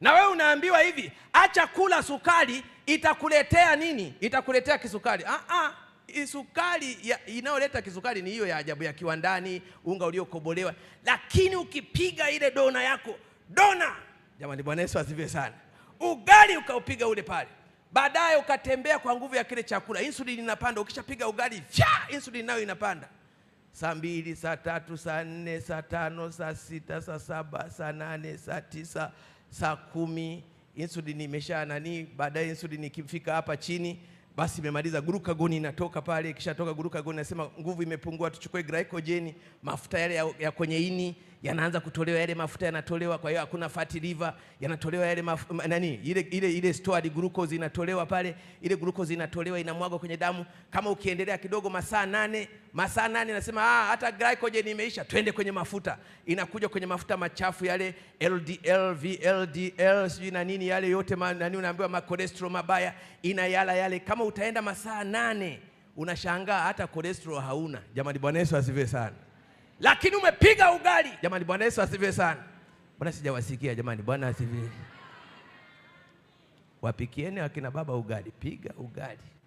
na wewe unaambiwa hivi, acha kula sukari, itakuletea nini? Itakuletea kisukari. Ah, ah, sukari inayoleta kisukari ni hiyo ya ajabu ya kiwandani, unga uliokobolewa. Lakini ukipiga ile dona yako dona, jamani, Bwana Yesu asifiwe sana, ugali ukaupiga ule pale baadaye ukatembea kwa nguvu ya kile chakula, insulini inapanda. Ukishapiga ugali cha insulini nayo inapanda, saa mbili, saa tatu, saa nne, saa tano, saa sita, saa saba, saa nane, saa tisa saa kumi insulin imesha nani, baadaye insulin ikifika hapa chini basi imemaliza glucagon inatoka pale, kisha toka glucagon nasema nguvu imepungua, tuchukue glycogen, mafuta yale ya, ya kwenye ini yanaanza kutolewa yale mafuta yanatolewa, kwa hiyo hakuna fat liver, yanatolewa yale nani, ile ile ile stored glucose inatolewa pale, ile glucose inatolewa inamwagwa kwenye damu. Kama ukiendelea kidogo, masaa nane, masaa nane nasema ah, hata glycogen imeisha, twende kwenye mafuta. Inakuja kwenye mafuta machafu yale LDL, VLDL sijui na nini yale yote ma, nani unaambiwa makolesterol mabaya, inayala yale. Kama utaenda masaa nane, unashangaa hata kolesterol hauna. Jamani, Bwana Yesu asifiwe sana lakini umepiga ugali. Jamani, Bwana Yesu asifiwe sana. Bwana sijawasikia jamani. Bwana asifiwe. Wapikieni akina baba ugali, piga ugali.